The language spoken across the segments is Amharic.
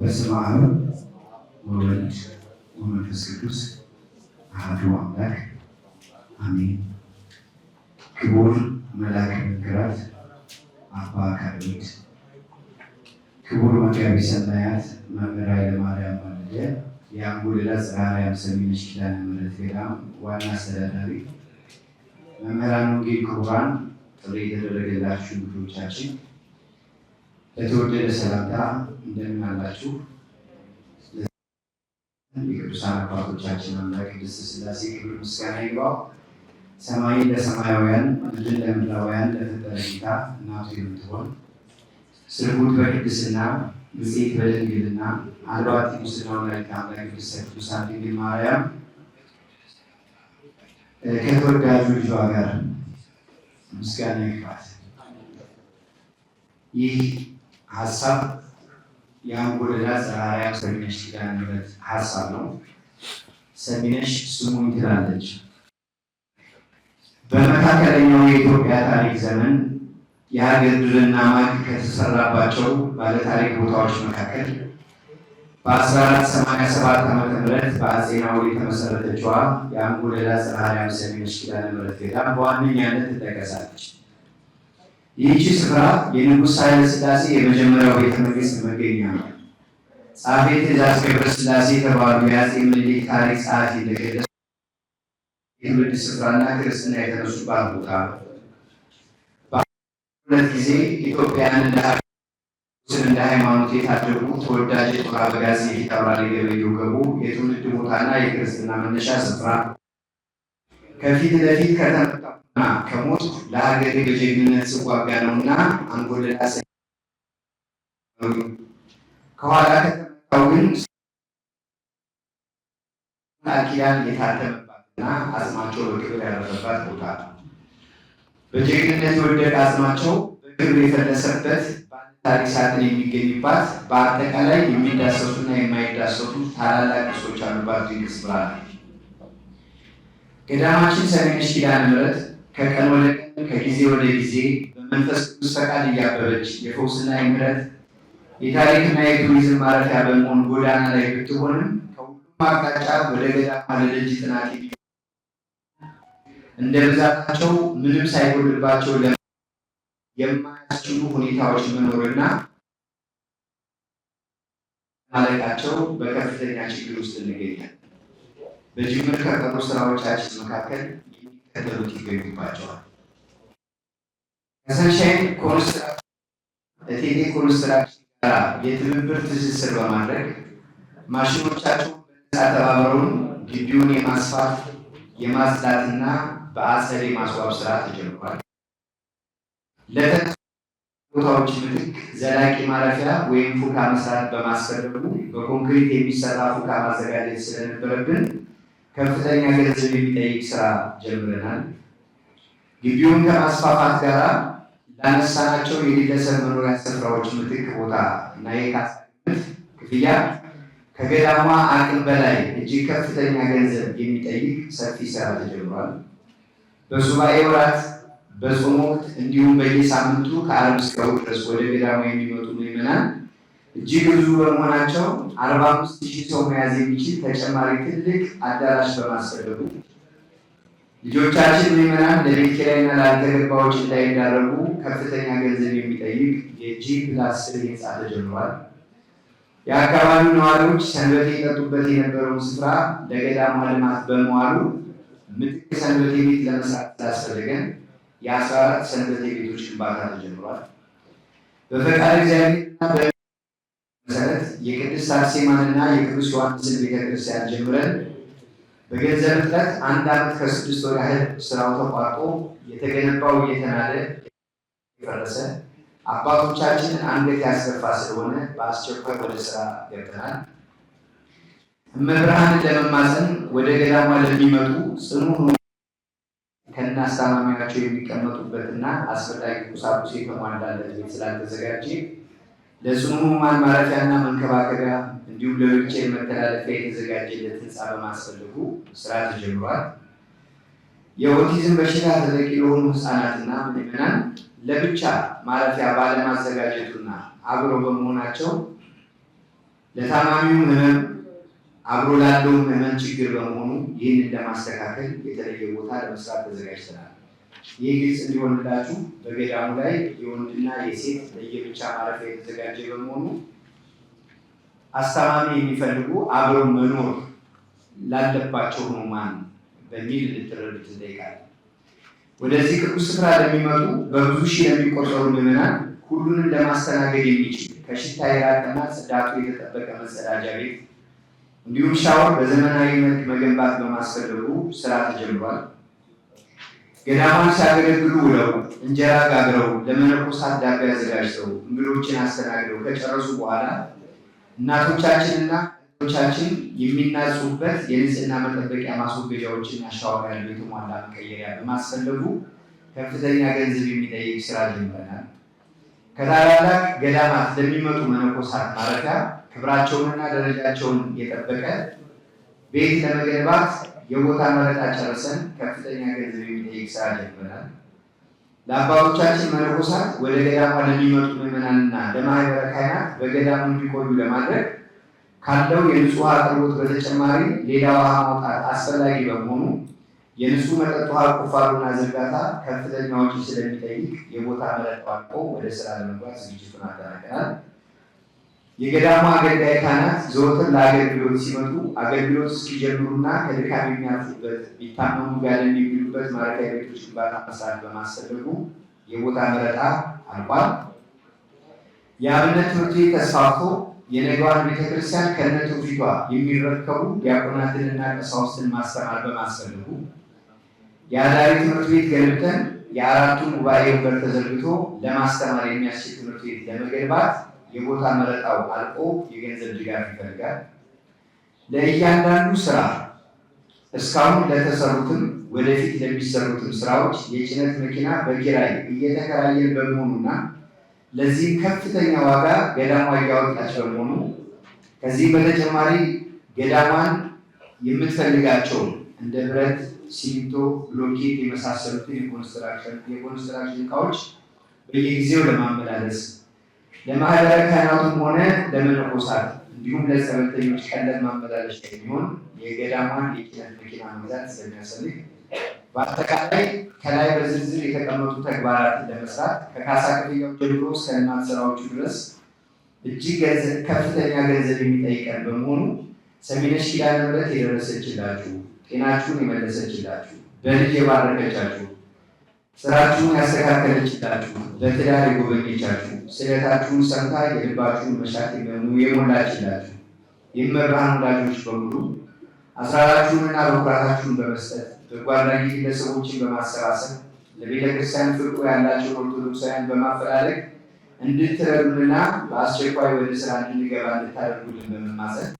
በስመ አብ ወወልድ ወመንፈስ ቅዱስ አሐዱ አምላክ አሜን። ክቡር መልአከ መንክራት አባ ካርሚት፣ ክቡር መጋቢ ሰማያት መምህር ኃይለማርያም ማለደ፣ የአንጎለላ ጽርሐ አርያም ሰሚነሽ ኪዳነ ምሕረት ገዳም ዋና አስተዳዳሪ፣ መምህራን ወንጌል፣ ክቡራን ጥሪ የተደረገላችሁ ልጆቻችን ለተወደደ ሰላምታ እንደምን አላችሁ? የቅዱሳን አባቶቻችን አምላክ ቅድስት ሥላሴ ክብር ምስጋና ይግባው። ሰማይን ለሰማያውያን ምድርን ለምድራውያን ለፈጠረ ጌታ እናቱ የምትሆን ስርጉት በቅድስና ምጽት በድንግልና አልባት ሙስናው ላይ ከአምላክ ቅድስተ ቅዱሳን ድንግል ማርያም ከተወዳጁ ልጇ ጋር ምስጋና ይግባት። ይህ ሀሳብ የአንጎደዳ ዘማርያም ሰሚነሽ ኪዳነምህረት ሀሳብ ነው። ሰሚነሽ ስሙኝ ትላለች። በመካከለኛው የኢትዮጵያ ታሪክ ዘመን የሀገርና ማግ ከተሰራባቸው ባለታሪክ ቦታዎች መካከል በ1487 ዓ.ም በአፄ ናሁሬ የተመሰረተችዋ የአንጎደዳ ዘማርያም ሰሚነሽ ኪዳነምህረት ገዳም በዋነኛነት ትጠቀሳለች። ይህቺ ስፍራ የንጉሥ ኃይለ ሥላሴ የመጀመሪያው ቤተ መንግሥት መገኛ ነው። ጸሐፌ ትእዛዝ ገብረ ሥላሴ የተባሉ የአፄ ምኒልክ ታሪክ ጸሐፊ እንደገለጹት የትውልድ ስፍራና ክርስትና የተነሱባት ቦታ ሁለት ጊዜ ኢትዮጵያን እንደ ሃይማኖት የታደጉ ተወዳጅ የጦር አበጋዝ የፊት አውራሪ ገቡ የትውልድ ቦታና የክርስትና መነሻ ስፍራ ከፊት ለፊት ከተመጣ ከሞት ለሀገሬ በጀግንነት ስዋጋ ነውና አንጎለላ ከኋላ ከተመታው ግን ኪዳን የታተመባትና አጽማቸው በክብር ያረፈባት ቦታ በጀግንነት የወደቀ አጽማቸው በክብር የፈለሰበት ታሪክ ሳጥን የሚገኝባት በአጠቃላይ የሚዳሰሱና የማይዳሰሱ ታላላቅ ቅርሶች አሉባት ድንቅ ስፍራ ገዳማችን ሰሜነሽ ኪዳነ ምሕረት ከቀን ወደ ቀን ከጊዜ ወደ ጊዜ በመንፈስ ቅዱስ ፈቃድ እያበበች የፈውስና የምሕረት የታሪክና የቱሪዝም ማረፊያ በመሆን ጎዳና ላይ ብትሆንም ከሁሉም አቅጣጫ ወደ ገዳማ ለደጅ ጥናት እንደ ብዛታቸው ምንም ሳይጎልባቸው የማያስችሉ ሁኔታዎች መኖርና ማለቃቸው በከፍተኛ ችግር ውስጥ እንገኛለን። በጅምር ከቀሩ ስራዎቻችን መካከል ተደሩት ይገኙባቸዋል። ከሰንሻይን ኮንስትራክሽን ከቴቴ ኮንስትራክሽን ጋር የትብብር ትስስር በማድረግ ማሽኖቻቸውን በነጻ ተባብረውን ግቢውን የማስፋት የማጽዳትና በአጸድ የማስዋብ ስራ ተጀምሯል። ለተ ቦታዎች ምትክ ዘላቂ ማረፊያ ወይም ፉካ መስራት በማስፈለጉ በኮንክሪት የሚሰራ ፉካ ማዘጋጀት ስለነበረብን ከፍተኛ ገንዘብ የሚጠይቅ ስራ ጀምረናል። ግቢውን ከማስፋፋት ጋር ላነሳናቸው የግለሰብ መኖሪያ ስፍራዎች ምትክ ቦታ እና የካሳ ክፍያ ከገዳማ አቅም በላይ እጅግ ከፍተኛ ገንዘብ የሚጠይቅ ሰፊ ስራ ተጀምሯል። በሱባኤ ወራት፣ በጾም ወቅት እንዲሁም በየሳምንቱ ከአርብ እስከ እሑድ ድረስ ወደ ገዳማ የሚመጡ ምዕመናን እጅግ ብዙ በመሆናቸው አርባ አምስት ሺህ ሰው መያዝ የሚችል ተጨማሪ ትልቅ አዳራሽ በማስፈለጉ ልጆቻችን ምዕመናን ለቤት ኪራይና ላልተገባዎች እንዳይዳረጉ ከፍተኛ ገንዘብ የሚጠይቅ የጂ ፕላስ ስር ህንፃ ተጀምሯል። የአካባቢው ነዋሪዎች ሰንበቴ የጠጡበት የነበረውን ስፍራ ለገዳማ ልማት በመዋሉ ምትክ ሰንበቴ ቤት ለመስራት ስላስፈለገን የአስራ አራት ሰንበቴ ቤቶች ግንባታ ተጀምሯል። በፈቃድ እግዚአብሔርና የቅድስት አርሴማንና የቅዱስ ዮሐንስን ቤተክርስቲያን ጀምረን በገንዘብ እጥረት አንድ ዓመት ከስድስት ወር ያህል ስራው ተቋርጦ የተገነባው እየተናደ የፈረሰ አባቶቻችንን አንገት ያስገፋ ስለሆነ በአስቸኳይ ወደ ስራ ገብተናል። እመብርሃንን ለመማፀን ወደ ገዳማ ለሚመጡ ጽኑ ከናስታማሚያቸው የሚቀመጡበትና አስፈላጊ ቁሳቁስ የተሟላለት ቤት ስላልተዘጋጀ ለጽኑ ሕሙማን ማረፊያና መንከባከቢያ እንዲሁም ለዊልቼር መተላለፊያ የተዘጋጀለት ህንፃ በማስፈልጉ ስራ ተጀምሯል። የኦቲዝም በሽታ ተጠቂ ለሆኑ ህፃናትና ምዕመናን ለብቻ ማረፊያ ባለማዘጋጀቱና አብሮ በመሆናቸው ለታማሚው ህመም አብሮ ላለው ህመም ችግር በመሆኑ ይህንን ለማስተካከል የተለየ ቦታ ለመስራት ተዘጋጅተናል። ይህ ግልጽ እንዲሆንላችሁ በገዳሙ ላይ የወንድና የሴት ለየብቻ ማረፊያ የተዘጋጀ በመሆኑ አስተማሚ የሚፈልጉ አብረው መኖር ላለባቸው ሕሙማን በሚል ልትረዱት እንጠይቃለን። ወደዚህ ቅዱስ ስፍራ ለሚመጡ በብዙ ሺህ ለሚቆጠሩ ምዕመናን ሁሉንም ለማስተናገድ የሚችል ከሽታ የራቀና ጽዳቱ የተጠበቀ መጸዳጃ ቤት እንዲሁም ሻወር በዘመናዊ መልክ መገንባት በማስፈለጉ ስራ ተጀምሯል። ገዳማን ሲያገለግሉ ውለው እንጀራ ጋግረው ለመነኮሳት ዳቦ አዘጋጅተው እንግዶችን አስተናግደው ከጨረሱ በኋላ እናቶቻችንና ቻችን የሚናጹበት የንጽህና መጠበቂያ ማስወገጃዎችን ሻወር ያለው የተሟላ መቀየሪያ በማስፈለጉ ከፍተኛ ገንዘብ የሚጠይቅ ስራ ጀምረናል። ከታላላቅ ገዳማት ለሚመጡ መነኮሳት ማረፊያ ክብራቸውንና ደረጃቸውን የጠበቀ ቤት ለመገንባት የቦታ መረጣ ጨርሰን ከፍተኛ ገንዘብ የሚጠይቅ ስራ ጀምረናል። ለአባቶቻችን መነኮሳት ወደ ገዳማ ለሚመጡ ምዕመናንና ለማህበረ ካህናት በገዳሙ እንዲቆዩ ለማድረግ ካለው የንጹህ አቅርቦት በተጨማሪ ሌላ ውሃ ማውጣት አስፈላጊ በመሆኑ የንጹህ መጠጥ ውሃ ቁፋሮና ዝርጋታ ከፍተኛ ወጪ ስለሚጠይቅ የቦታ መረጥ ቋቆ ወደ ስራ ለመግባት ዝግጅቱን አጠናቀናል። የገዳሙ አገልጋይ ካህናት ዘወትር ለአገልግሎት ሲመጡ አገልግሎት እስኪጀምሩና ከድካም የሚያርፉበት ቢታመሙ ጋር የሚግሉበት ማረፊያ ቤቶች ግንባታ መስራት በማሰደጉ የቦታ መረጣ አልቋል። የአብነት ትምህርት ቤት ተስፋፍቶ የነገዋን ቤተክርስቲያን ከነ ፊቷ የሚረከቡ ዲያቆናትንና ቀሳውስትን ማስተማር በማሰደጉ የአዳሪ ትምህርት ቤት ገልብተን የአራቱን ጉባኤ ወንበር ተዘርግቶ ለማስተማር የሚያስችል ትምህርት ቤት ለመገንባት የቦታ መረጣው አልቆ የገንዘብ ድጋፍ ይፈልጋል። ለእያንዳንዱ ስራ እስካሁን ለተሰሩትም ወደፊት ለሚሰሩትም ስራዎች የጭነት መኪና በኪራይ እየተከራየን በመሆኑና ለዚህም ከፍተኛ ዋጋ ገዳሟ እያወጣች በመሆኑ ከዚህም በተጨማሪ ገዳሟን የምትፈልጋቸው እንደ ብረት፣ ሲሚንቶ፣ ብሎኬት የመሳሰሉትን የኮንስትራክሽን እቃዎች በየጊዜው ለማመላለስ ለማህበረ ካህናቱም ሆነ ለመነኮሳት እንዲሁም ለጸበልተኞች ቀለብ ማመላለሻ የሚሆን የገዳሟን የኪነት መኪና መግዛት ስለሚያስፈልግ በአጠቃላይ ከላይ በዝርዝር የተቀመጡ ተግባራትን ለመስራት ከካሳ ክፍያው ጀምሮ እስከ ልማት ስራዎቹ ድረስ እጅግ ከፍተኛ ገንዘብ የሚጠይቀን በመሆኑ ሰሚነሽ ኪዳነ ምሕረት የደረሰችላችሁ፣ ጤናችሁን የመለሰችላችሁ፣ በልጅ የባረከቻችሁ ስራችሁን ያስተካከለችላችሁ፣ ለትዳር የጎበኘቻችሁ፣ ስለታችሁን ሰምታ የልባችሁን መሻት የሞላችላችሁ የመብርሃን ወዳጆች በሙሉ አስራራችሁንና በኩራታችሁን በመስጠት በጎ አድራጊ ግለሰቦችን በማሰባሰብ ለቤተክርስቲያን ክርስቲያን ፍርቆ ያላቸው ኦርቶዶክሳውያን በማፈላለግ እንድትረዱንና በአስቸኳይ ወደ ስራ እንድንገባ እንድታደርጉልን በመማፀን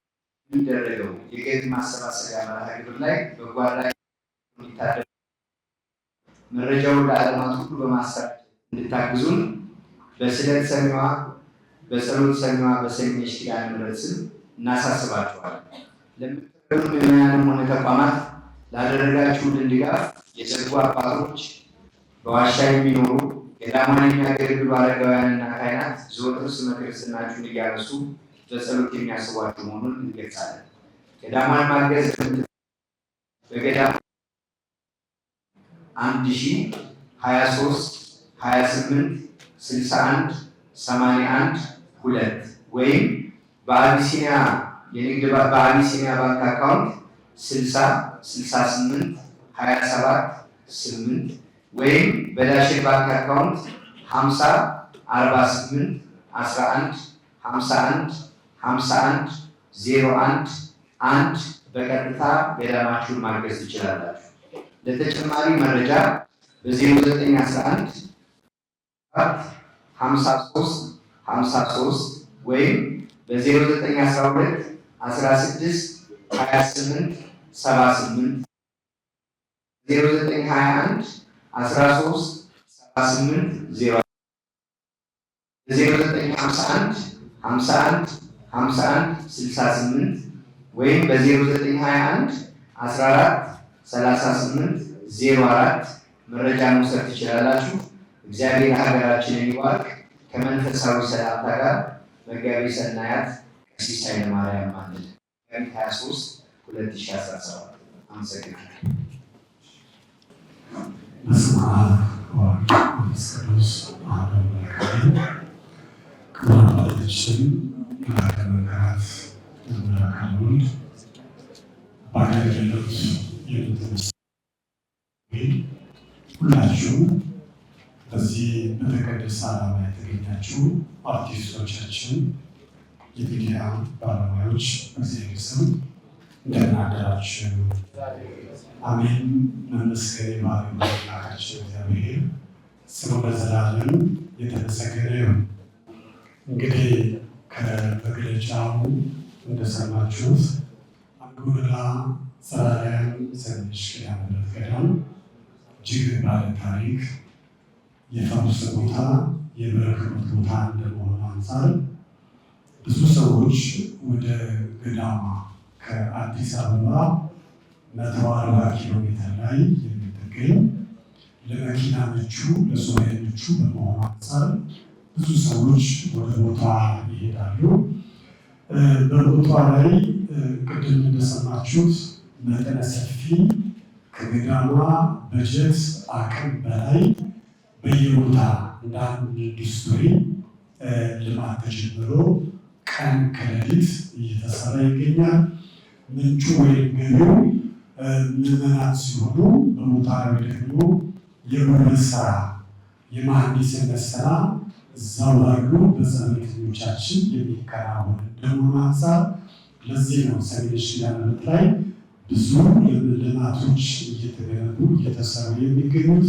የሚደረገው የገቢ ማሰባሰቢያ መርሃ ግብር ላይ በጎ አድራጊ እንዲታደር መረጃውን ለዓለማት ሁሉ በማሳት እንድታግዙን በስለት ሰሚዋ በጸሎት ሰሚዋ በሰኞች ኪዳነ ምሕረት ስም እናሳስባችኋለን። ለምትረዱ ምዕመናንም ሆነ ተቋማት ላደረጋችሁልን ድጋፍ የዘጉ አባቶች፣ በዋሻ የሚኖሩ ገዳማን የሚያገለግሉ አረጋውያንና ካህናት ዘወትር ስመ ክርስትናችሁን እያነሱ በጸሎት የሚያስቧችሁ መሆኑን እንገልጻለን። ገዳማን ማገዝ በገዳማ አንድ ሺህ ሀያ ሶስት ሀያ ስምንት ስልሳ አንድ ሰማንያ አንድ ሁለት ወይም በአቢሲኒያ የንግድ በአቢሲኒያ ባንክ አካውንት ስልሳ ስልሳ ስምንት ሀያ ሰባት ስምንት ወይም በዳሽን ባንክ አካውንት ሀምሳ አርባ ስምንት አስራ አንድ ሀምሳ አንድ ሀምሳ አንድ ዜሮ አንድ አንድ በቀጥታ ገዳማችሁን ማገዝ ትችላላችሁ። ለተጨማሪ መረጃ በ0911 53 53 ወይም በ0912 16 28 78 0921 13 78 0951 51 51 68 ወይም በ0921 14 38 04 መረጃ መውሰድ ትችላላችሁ። እግዚአብሔር ሀገራችንን ይባርክ። ከመንፈሳዊ ሰላምታ ጋር መጋቢ ሰናያት ቀሲስ ኃይለማርያም ማለት 23 2017 አመሰግናለሁ። በስመ አብ ወወልድ ወመንፈስ ቅዱስ አሐዱ አምላክ። የተነሳ በዚህ በተቀደሰ ዓላማ የተገኛችሁ አርቲስቶቻችን፣ የሚዲያ ባለሙያዎች እግዚአብሔር ስም እንደምን አደራችሁ። አሜን። መመስገን የማርያም አምላካችን እግዚአብሔር ስሙ ለዘላለም የተመሰገነ ይሁን። እንግዲህ ከመግለጫው እንደሰማችሁት አንዱ ሰላም ሰንሽ ኪዳነምህረት ገዳም እጅግ ባለ ታሪክ የፈውስ ቦታ የበረከት ቦታ እንደመሆኑ አንጻር ብዙ ሰዎች ወደ ገዳማ ከአዲስ አበባ መቶ አርባ ኪሎ ሜትር ላይ የምትገኝ ለመኪና ምቹ ለሶሪያ ምቹ በመሆኑ አንጻር ብዙ ሰዎች ወደ ቦታ ይሄዳሉ። በቦታ ላይ ቅድም እንደሰማችሁት መጠነ ሰፊ ከገዳሟ በጀት አቅም በላይ በየቦታ እንደ አንድ ኢንዱስትሪ ልማት ተጀምሮ ቀን ከሌሊት እየተሰራ ይገኛል። ምንጩ ወይም ገቢው ምዕመናን ሲሆኑ በሞታዊ ደግሞ የጉልበት ስራ የመሐንዲስነት ስራ እዛው ባሉ በዘመድኞቻችን የሚከናወን ደሞ አንጻር ለዚህ ነው ሰሜን ሺህ ላይ ብዙ ልማቶች እየተገነቡ እየተሰሩ የሚገኙት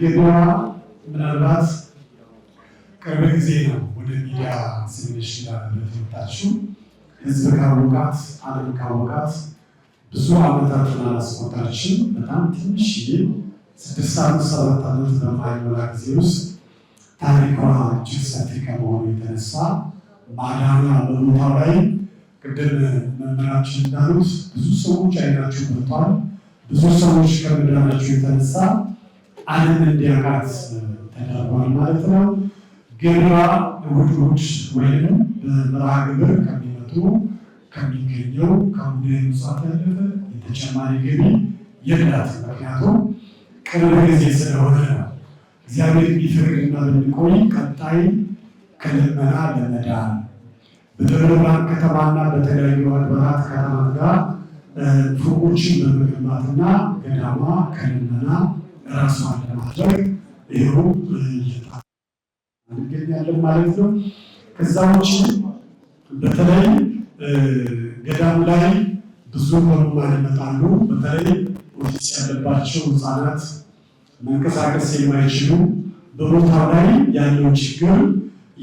ገዳዋ ምናልባት ቅርብ ጊዜ ነው ወደ ሚዲያ ትንሽ ለተወጣችው ህዝብ ካወቃት አለም ካወቃት ብዙ አመታት አላስቆጠረችም። በጣም ትንሽ ስድስት ዓመት ሰባት አመት በማይሞላ ጊዜ ውስጥ ታሪኳ እጅግ ሰፊ ከመሆኑ የተነሳ ማዳና በሞታ ላይ ቅድም መምህራችን እንዳሉት ብዙ ሰዎች አይናቸው መጥቷል። ብዙ ሰዎች ከመዳናቸው የተነሳ ዓለም እንዲያውቃት ተደርጓል ማለት ነው። ገድባ እሑድ ወይም በመርሃ ግብር ከሚመጡ ከሚገኘው ከሙዳይ ምጽዋት ያለፈ የተጨማሪ ገቢ የላት። ምክንያቱም ቅርብ ጊዜ ስለሆነ ነው። እግዚአብሔር ቢፈቅድና ብንቆይ ቀጣይ ከልመና ለመዳን በደብረ ብርሃን ከተማና በተለያዩ አድባራት ከተማ ጋር ፎቆችን በመገንባትና ገዳማ ከልመና ራሷን ለማድረግ ይኸው እንገኛለን ማለት ነው። ከዛ ውጭ በተለይ ገዳም ላይ ብዙ ህሙማን ይመጣሉ። በተለይ ኦቲስ ያለባቸው ህፃናት፣ መንቀሳቀስ የማይችሉ በቦታው ላይ ያለው ችግር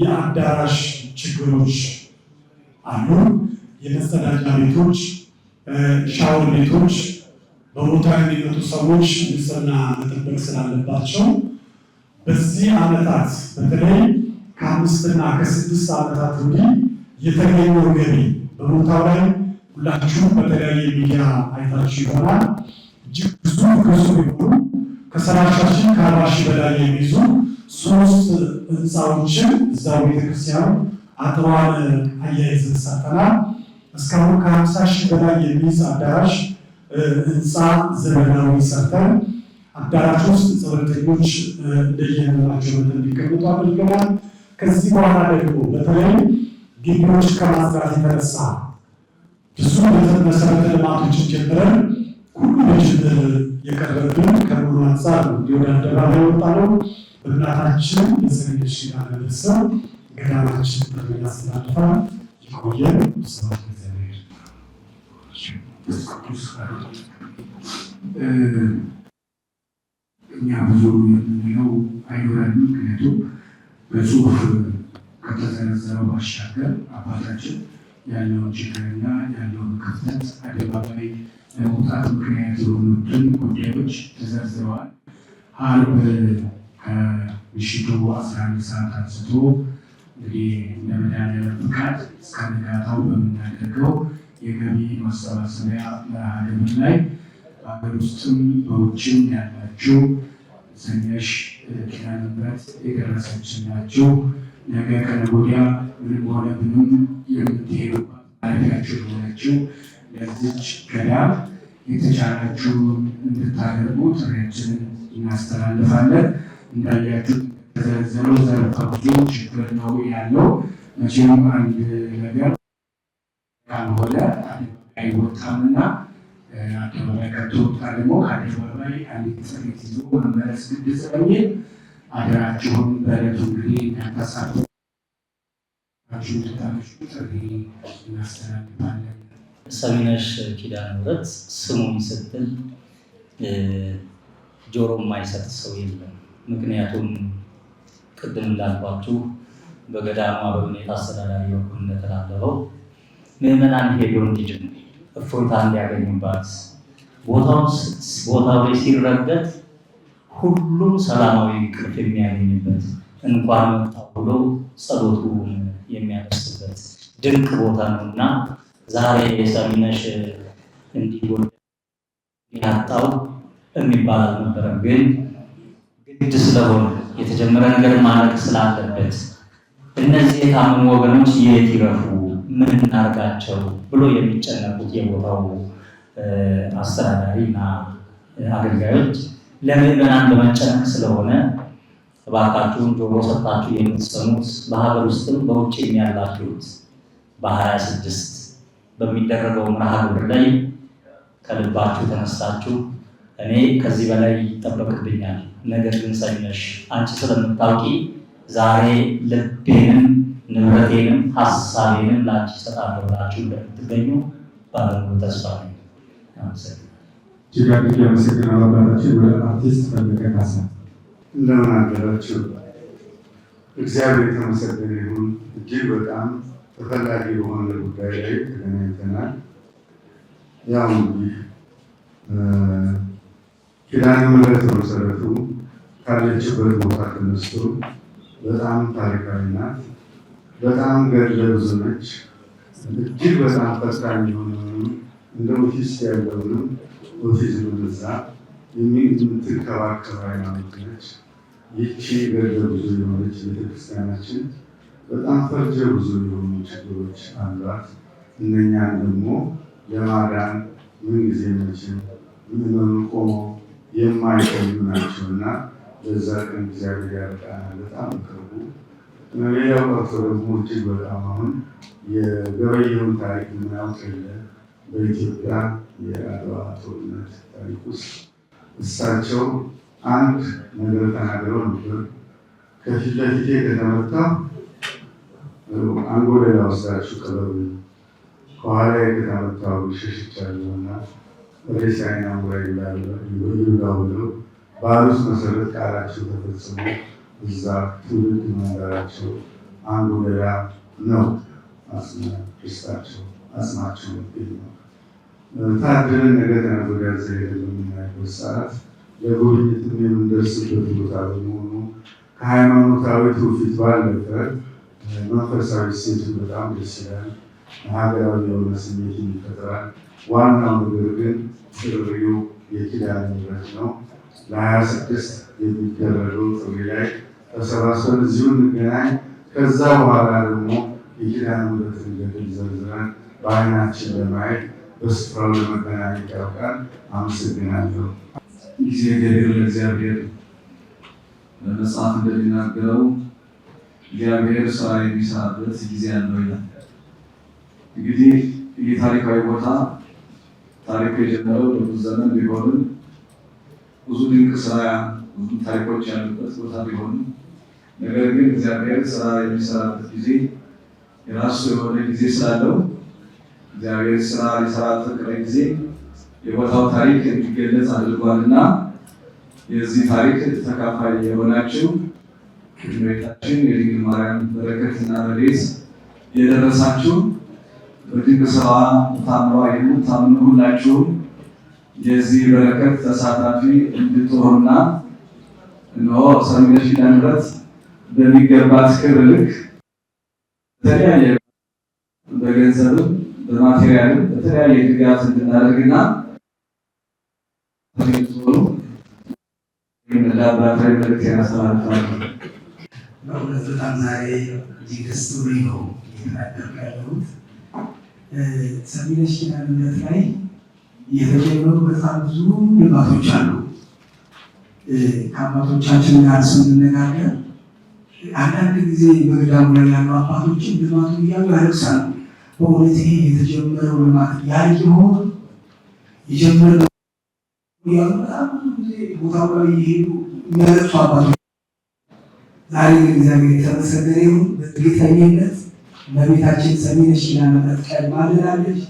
የአዳራሽ ችግሮች አሉ። የመጸዳጃ ቤቶች፣ ሻወር ቤቶች በቦታ የሚመጡ ሰዎች ንጽህና መጠበቅ ስላለባቸው በዚህ ዓመታት በተለይ ከአምስትና ከስድስት ዓመታት ወዲህ የተገኘው ገቢ በቦታው ላይ ሁላችሁም በተለያየ ሚዲያ አይታችሁ ይሆናል። እጅግ ብዙ ብዙ የሆኑ ከሰላሻችን ከአርባ ሺህ በላይ የሚይዙ ሶስት ህንፃዎችን እዛው ቤተክርስቲያኑ አጥሯል አያይዘን ሰጠናል። እስካሁን ከሀምሳ ሺህ በላይ የሚይዝ አዳራሽ ህንፃ ዘመናዊ ሰርተን አዳራሽ ውስጥ ጸበተኞች እንደየመላቸው መጠን እንዲቀምጡ አድርገናል። ከዚህ በኋላ ደግሞ በተለይ ግቢዎች ከማስራት የተነሳ ብዙ መሰረተ ልማቶችን ጀምረን ሁሉ በጅብ የቀረብን ከመሆኑ አንጻር ነው እንዲወደ አደባባይ ወጣ ነው በእናታችን የሰገደች ዳነ ቤተሰብ ገዳማችን በመላ ስላልፋ ይቆየን። ስብሐት ለእግዚአብሔር። እኛ ብዙ የምንለው አይኖረን፣ ምክንያቱም በጽሁፍ ከተዘረዘረው ባሻገር አባታችን ያለውን ችግርና ያለውን ክፍተት አደባባይ ለመውጣት ምክንያት የሆኑትን ጉዳዮች ተዘርዝረዋል። አርብ ከምሽቱ አስራ አንድ ሰዓት አንስቶ እንግዲህ እንደመድኃኒዓለም ፍቃድ እስከነጋታው በምናደርገው የገቢ ማሰባሰቢያ መርሃ ግብር ላይ በሀገር ውስጥም በውጭም ያላችሁ ሰኞሽ ኪዳነ ምሕረት የደረሰችን ነገ ከነገ ወዲያ ምንም ሆነ ምንም የምትሄዱባት ማረፊያችሁ ሆናችሁ ለዚች ገዳም የተቻላችሁን እንድታደርጉ ጥሪያችንን እናስተላልፋለን። እንዳያችሁ ተዘርዝሮ ዘርፈብዙ ችግር ነው ያለው። መቼም አንድ ነገር ካልሆነ አይወጣምና አደባባይ ከተወጣ ደግሞ ከአደባባይ አንድ ጽሬት ይዞ መመለስ ግድ ስለሚል አደራችሁን በዕለቱ እንግዲህ እንዳታሳፉ ሰሚነሽ ኪዳነ ምሕረት ስሙን ስትል ጆሮ የማይሰጥ ሰው የለም። ምክንያቱም ቅድም እንዳልኳችሁ በገዳሟ በሁኔታ አስተዳዳሪ በኩል እንደተላለፈው ምዕመናን ሄዶ እንዲድኑ እፎይታ እንዲያገኙባት ቦታው ላይ ሲረገጥ ሁሉም ሰላማዊ እንቅልፍ የሚያገኝበት እንኳን መጣ ብሎ ጸሎቱ የሚያደርስበት ድንቅ ቦታ ነው እና ዛሬ የሰሚነሽ እንዲጎ ያጣው የሚባል አልነበረም ግን ግድ ስለሆነ የተጀመረ ነገር ማድረግ ስላለበት እነዚህ የታመሙ ወገኖች የት ይረፉ፣ ምን እናርጋቸው ብሎ የሚጨነቁት የቦታው አስተዳዳሪና አገልጋዮች ለምዕመናን በመጨነቅ ስለሆነ እባካችሁን ጆሮ ሰጣችሁ የምትሰሙት በሀገር ውስጥም በውጭ የሚያላችሁት በሀያ ስድስት በሚደረገው መርሃ ግብር ላይ ከልባችሁ ተነሳችሁ እኔ ከዚህ በላይ ይጠበቅብኛል ነገር ግን ሰሚነሽ አንቺ ስለምታውቂ ዛሬ ልቤንም ንብረቴንም ሀሳቤንም ለአንቺ እሰጣለሁ ብላችሁ እንደምትገኙ ባለሙሉ ተስፋ ነው። ጅጋግ የመሰግና ባላችሁ ወደ አርቲስት ፈለቀ ካሳ እንደምን አደራችሁ? እግዚአብሔር የተመሰገነ ይሁን። እጅግ በጣም ተፈላጊ በሆነ ጉዳይ ላይ ተገናኝተናል። ያው እንግዲህ ኪዳነ ምሕረት መሰረቱ ካለችበት ቦታ ተነስቶ በጣም ታሪካዊ ናት። በጣም ገድለ ብዙ ነች። እጅግ በጣም ፈጣን የሆነውንም እንደ ኦቲስ ያለውንም ኦቲዝም በዛ የምትንከባከብ ሃይማኖት ነች። ይቺ ገድለ ብዙ የሆነች ቤተክርስቲያናችን በጣም ፈርጀ ብዙ የሆኑ ችግሮች አሏት። እነኛን ደግሞ ለማዳን ምንጊዜ መቼም ምዕመኑ ቆመው የማይገኙ ናቸውና በዛ ቀን እግዚአብሔር ያብቃናል። በጣም ቅርቡ ሌላው ቀርቶ ደግሞ እጅግ በጣም አሁን የገበየውን ታሪክ የምናውቅ የለ በኢትዮጵያ የአድዋ ጦርነት ታሪክ ውስጥ እሳቸው አንድ ነገር ተናግረው ነበር። ከፊት ለፊቴ ከተመታ አንጎላ ወስዳችሁ ቅበሩ፣ ከኋላ ከተመታው ሸሽቻለሁ እና ሬሳ አይናሙራ ይላል ብለው ባሉት መሰረት ቃላቸው ተፈጽሞ እዛ ትውልድ መንደራቸው አንዱ ገዳ ነው ስታቸው አጽማቸው መገኝ ነው። ታድለን ነገ ተነገ ወዲያ ዘሄድ በምናይበት ሰዓት ለጉብኝትም የምንደርስበት ቦታ በመሆኑ ከሃይማኖታዊ ትውፊት ባለፈ መንፈሳዊ ሴትን በጣም ደስ ይላል። ሀገራዊ የሆነ ስሜት ይፈጥራል። ዋናው ነገር ግን ጥሪው የኪዳን ምህረት ነው። ለሀያ ስድስት የሚደረገው ጥሪ ላይ ተሰባስበን እዚሁ እንገናኝ። ከዛ በኋላ ደግሞ የኪዳን ምህረት ገድል ዘርዝረን በአይናችን ለማየት በስፍራው ለመገናኘት ያውቃል። አመሰግናለሁ። ጊዜ ገድል ለእግዚአብሔር በመጽሐፍ እንደሚናገረው እግዚአብሔር ስራ የሚሰራበት ጊዜ አለው ይላል። እንግዲህ ይህ ታሪካዊ ቦታ ታሪኩ የጀመረው በብዙ ዘመን ቢሆንም ብዙ ድንቅ ስራ ብዙ ታሪኮች ያሉበት ቦታ ቢሆንም ነገር ግን እግዚአብሔር ስራ የሚሰራበት ጊዜ የራሱ የሆነ ጊዜ ስላለው እግዚአብሔር ስራ ሊሰራ ፈቅረ ጊዜ የቦታው ታሪክ አድርጓል እና የዚህ ታሪክ ተካፋይ የሆናችሁ እመቤታችን የድንግል ማርያም በረከትና ረድኤት የደረሳችሁ በድንቅ ስራ ታምሯ የምታምኑ ሁላችሁም የዚህ በረከት ተሳታፊ እንድትሆኑና እንሆ ሰሚነሽ ኪዳነ ምሕረት በሚገባት ክብር ልክ በተለያየ በገንዘብም በማቴሪያልም በተለያየ ድጋፍ እንድናደርግና ላብራቶሪ መልዕክት ያስተላልፋል። በእውነት በጣም ዛሬ እጅግ ደስ ብሎኝ ነው የታደምኩት። ሰሚነሽ ኪዳነምህረት ላይ የተጀመሩ በጣም ብዙ ልማቶች አሉ። ከአባቶቻችን ጋር ስንነጋገር አንዳንድ ጊዜ በገዳሙ ላይ ያሉ አባቶችን ልማቱ እያሉ ያለቅሳሉ። በእውነት ይሄ የተጀመረው ልማት ያልቅ ሆኖ እያሉ በጣም ጊዜ ቦታው ላይ እየሄዱ የሚያለቅሱ አባቶች ዛሬ እግዚአብሔር የተመሰገነ ይሁን በእርግጠኝነት ለቤታችን ሰሚነሽ ለመጠጥቀል ማልላለች።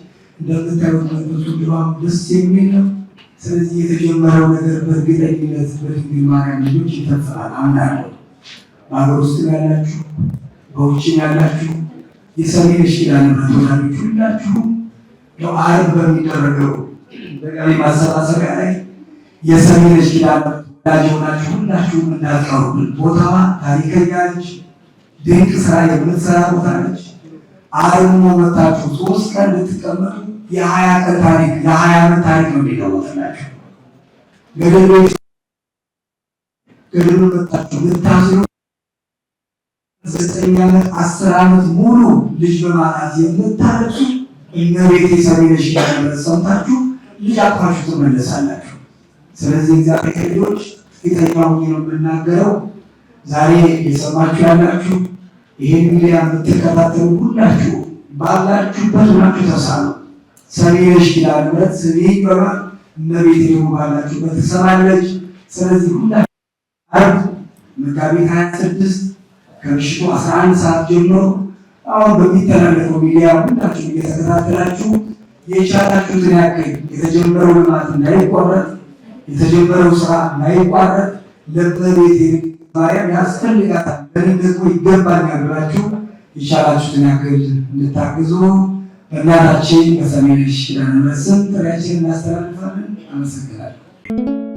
እንደምታዩት መቅደሱ ድባብ ደስ የሚል ነው። ስለዚህ የተጀመረው ነገር በእርግጠኝነት በድንግል ማርያም ልጆች ይፈጸማል አምናለሁ። በሀገር ውስጥ ያላችሁ፣ በውጭ ያላችሁ የሰሜነሽ ኪዳነምህረት ወዳጆች ሁላችሁም ዓርብ በሚደረገው በቀሪ ማሰባሰቢያ ላይ የሰሜነሽ ኪዳነምህረት ወዳጅ የሆናችሁ ሁላችሁም እንዳትቀሩብን ቦታዋ ድንቅ ስራ የምትሰራ ቦታ ነች። አርሞ መታችሁ ሶስት ቀን ልትቀመጡ የሀያ ቀን ታሪክ የሀያ ዓመት ታሪክ ነው የሚለወጥላችሁ። ገደሉ መታችሁ ልታስሩ ዘጠኝ ዓመት አስር ዓመት ሙሉ ልጅ በማጣት የምታለቅሱ እመቤቴ ሰሚ ነሽ እያለ ሰምታችሁ ልጅ አቅፋችሁ ትመለሳላችሁ። ስለዚህ እግዚአብሔር ልጆች ፊተኛው ነው የምናገረው ዛሬ የሰማችሁ ያላችሁ ይህን ሚዲያ የምትከታተሉ ሁላችሁ ባላችሁበት ሆናችሁ ተሳሉ። ሰኔነሽ ይላል ምረት ስኔ ይበራ እመቤት ደግሞ ባላችሁበት ትሰማለች። ስለዚህ ሁላ አርብ መጋቢት ሀያ ስድስት ከምሽቱ አስራ አንድ ሰዓት ጀምሮ አሁን በሚተላለፈው ሚዲያ ሁላችሁ እየተከታተላችሁ የቻላችሁትን ያክል የተጀመረው ልማት እንዳይቋረጥ የተጀመረው ስራ እንዳይቋረጥ ለእመቤት ማርያም ያስፈልጋታል ለንደቁ ይገባኛል ብላችሁ ይሻላችሁትን ያክል እንድታግዙ በእናታችን በሰሜነሽ ኪዳነ ምሕረት ስም ጥሪያችንን እናስተላልፋለን። አመሰግናለሁ።